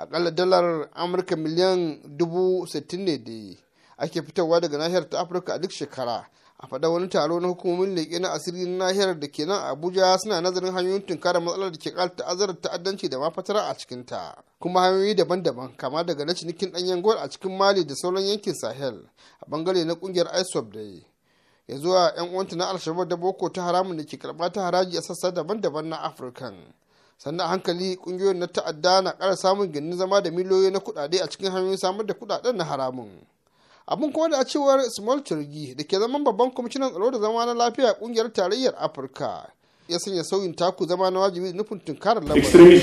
akalla dalar amurka miliyan dubu sittin ne da ake fitarwa daga nahiyar ta afirka a duk shekara a faɗa wani taro na hukumomin leƙe na asiri nahiyar da ke nan abuja suna nazarin hanyoyin tunkara matsalar da ke ƙara ta'azzara ta'addanci da ma fatara a cikinta kuma hanyoyi daban-daban kama daga na cinikin ɗanyen gwal a cikin mali da sauran yankin sahel a bangare na ƙungiyar isop da ya zuwa 'yan uwanta na alshabar da boko ta haramun da ke karɓa ta haraji a sassa daban-daban na afirka sannan hankali kungiyoyin na ta'adda na ƙara samun ginin zama da miliyoyi na kuɗaɗe a cikin hanyoyin samar da kuɗaɗen na haramun abin kuma da a cewar small turgi da ke zaman babban kwamishinan tsaro da zama na lafiya kungiyar tarayyar afirka ya sanya sauyin taku zama na wajibi nufin tunkarar lamarin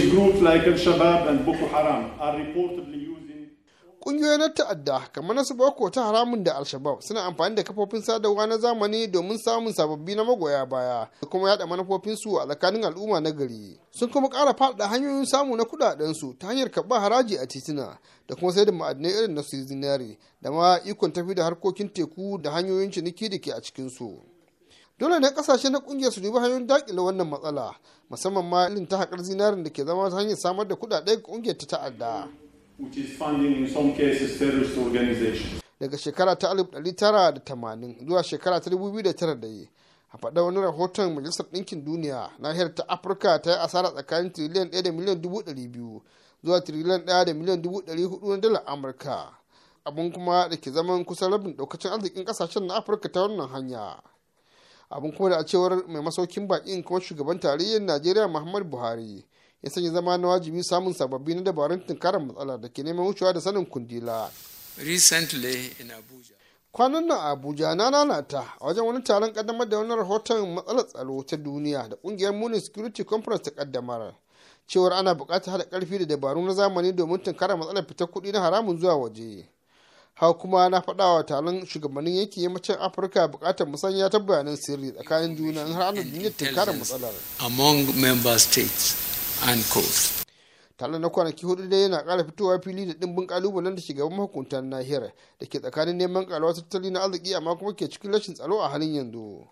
Ƙungiyoyin na ta'adda kamar na Boko ta haramun da Alshabab suna amfani da kafofin sadarwa na zamani domin samun sababbi na magoya baya da kuma yada manufofin su a tsakanin al'umma na gari. Sun kuma ƙara faɗa hanyoyin samu na su ta hanyar karɓa haraji a tituna da kuma sayar da ma'adinai irin na su zinari da ma ikon tafi da harkokin teku da hanyoyin ciniki da ke a cikin su dole ne kasashe na kungiyar su dubi hanyoyin dakile wannan matsala musamman ma irin ta haƙar zinarin da ke zama ta hanyar samar da kuɗaɗe ga kungiyar ta ta'adda. daga ta alif tara da tamanin Daga shekara ta 1980 zuwa da ta 2009 da yi, a faɗa wani rahoton Majalisar Ɗinkin Duniya nahiyar ta Afirka ta yi asara tsakanin tiriliyan 1 da miliyan 200 zuwa tiriliyan 1 da miliyan 400 na dalar Amurka. Abin kuma da ke zaman kusan rabin ɗaukacin arzikin ƙasashen na Afirka ta wannan hanya. abun kuma da a cewar mai masaukin baƙin kuma shugaban tarayyar Najeriya Muhammadu Buhari. ya sanya zama na wajibi samun sababbi na dabarun tunkarar matsalar da ke neman wucewa da sanin kundila. Kwanan nan Abuja na nanata a wajen wani taron kaddamar da wani rahoton matsalar tsaro ta duniya da kungiyar munin Security Conference ta kaddamar. Cewar ana bukatar hada ƙarfi da dabaru na zamani domin tunkara matsalar fita kuɗi na haramun zuwa waje. hau kuma na faɗa taron shugabannin yankin yammacin afirka bukatar musanya ta bayanan sirri tsakanin juna har ana duniyar tunkara matsalar among member states and coast. na kwanaki hudu dai yana kara fitowa fili da dimbin kalubalen da shugaban mahukuntan nahiyar da ke tsakanin neman karuwa tattali na arziki amma kuma ke cikin rashin tsaro a halin yanzu.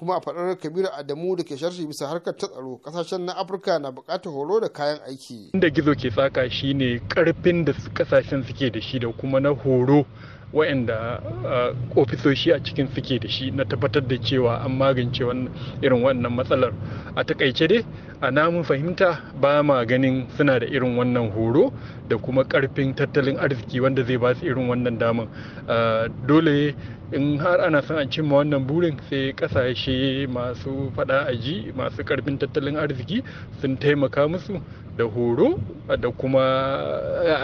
kuma a faɗar kabiru adamu da ke sharshi bisa harkar ta tsaro kasashen na afirka na buƙatar horo da kayan aiki inda gizo ke tsaka shine karfin da kasashen suke da shi da kuma na horo waɗanda ofisoshi a cikin suke da shi na tabbatar da cewa an magance irin wannan matsalar a takaice dai a namun fahimta ba ma ganin suna da irin wannan horo da kuma karfin tattalin arziki wanda zai ba su irin wannan damar dole in har ana son a cimma wannan burin sai kasashe masu fada a ji masu karfin tattalin arziki sun taimaka musu da horo da kuma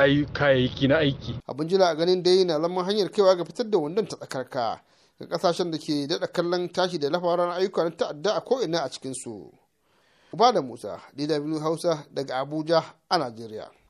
eh, kayayyaki na aiki abin jira ganin dai na lamar hanyar kaiwa ga fitar da wannan ta tsakarka ga kasashen da ke daɗa kallon tashi da lafaran ayyuka na ta'adda a ko'ina a cikinsu. Uba da Musa, DW Hausa daga Abuja a Najeriya.